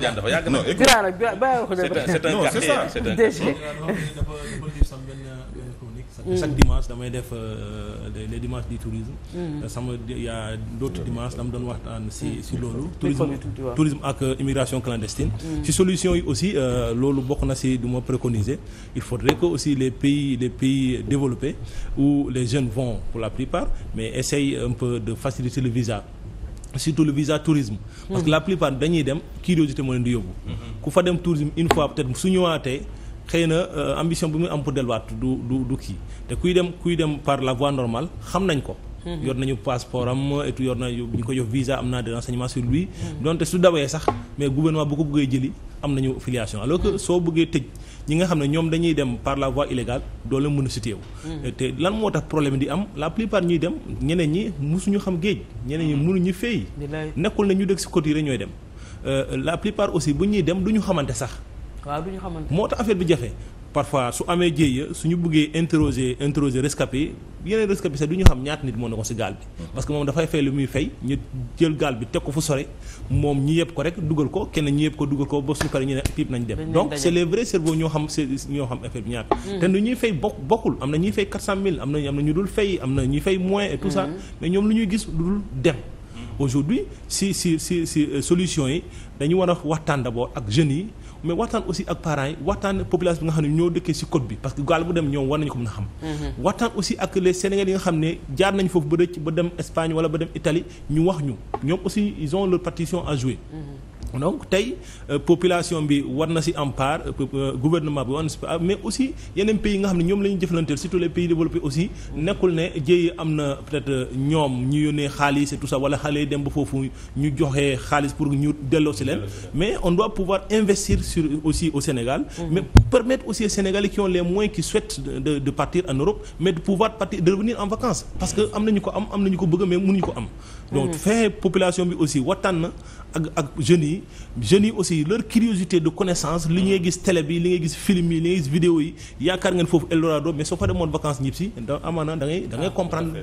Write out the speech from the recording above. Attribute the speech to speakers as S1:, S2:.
S1: Birane dafa yàgg na. Birane nag bàyyi ko dëgg. c'est un chaque mm.
S2: dimanche damay def les euh, dimanches du tourisme. Mm. Euh, sama y a d'autres dimanches doon waxtaan si mm. si loolu. tourisme tourisme ak euh, immigration clandestine. si solution yi aussi loolu bokk na si du ma préconiser il faudrait que aussi les pays les pays développés où les jeunes vont pour la plupart mais essayent un peu de faciliter le visa. surtout le visa tourisme. parce que la plupart dañuy dem curiosité moo leen di yóbbu. ku fa dem tourisme une fois peut-être su ñëwaatee xëy na euh, ambition bi muy am pour delluwaat du du du kii te kuy dem kuy dem par la voie normale xam nañ ko. Mhm. yor nañu passeport am et tout yor nañu ñu ko jox visa am naa des renseignements sur lui. donte su dawee sax mais gouvernement bu ko bëggee jëli. am nañu filiation alors que soo bëggee tëj ñi nga xam ne ñoom dañuy dem par la voie illégale doo leen mën a cité wu mm. te lan moo tax problème di am la plupart ñuy dem ñeneen ñi musuñu xam géej ñeneen ñi mm. ñu feey nekkul ne ñu dëkk si côte yi ñooy dem euh, la plupart aussi bu ñuy dem du ñu xamante sax waaw ñu xamante moo tax affaire bi jafe parfois su amee jéeya su ñu bëggee interroger interroger rescapé yeneen rescapé sax du ñu xam ñaata nit moo ne ko si gaal bi. Mm-hmm. parce que moom dafay fay lu muy fay ñu jël gaal bi teg ko fu sore moom ñi yëpp ko rek dugal ko kenn ñi yëpp ko dugal ko ba suñu paree ñu ne piip nañ dem. donc c' est les vrais cerveaux ñoo xam c' ñoo xam effet bi ñaata. Mm-hmm. te nu ñuy fay bokk bokkul am na ñuy fay 400000 am na am na ñu dul fay am na ñuy fay moins et tout ça mm-hmm. mais ñoom lu ñuy gis lu dem. aujourd'hui si si si si euh, solution yi dañu war a waxtaan d'abord ak jeunes yi mais waxtaan aussi ak parents yi waxtaan population bi nga xam ne ñoo dëkkee ci côte bi parce que gaal bu dem ñoom war nañu ko mën a xam. Mm-hmm. waxtaan aussi ak les Sénégalais yi nga xam ne jaar nañ foofu ba dëcc ba dem Espagne wala ba dem Italie ñu wax ñu ñoom aussi ils ont leur partition à jouer. Mm-hmm. donc tey euh, population bi war na si am part euh, euh, gouvernement bi war na si mais aussi yeneen pays nga xam ne ñoom la ñu jëflanteel surtout les pays développés aussi nekkul ne jéyi am na peut-être ñoom ñu yónnee xaalis et tout ça wala xale yi dem ba foofu ñu joxe xaalis pour ñu delloo si leen mais on doit pouvoir investir sur aussi au Sénégal mmh. mais permettre aussi aux Sénégalais qui ont les moyens qui souhaitent de de partir en Europe mais de pouvoir partir de parce que am nañu ko am am nañu ko bëgg mais mënuñu ko am donc mmh. fexe population bi aussi waxtaan na ak ak jeunes yi yi jeunes yi aussi leur curiosité de connaissance li ngay gis télé bi li ngay gis film yi li ngay gis vidéo yi yaakaar ngeen foofu Eldorado mais soo fa demoon vacances ñibbisi da amaana da ngay ah, comprendre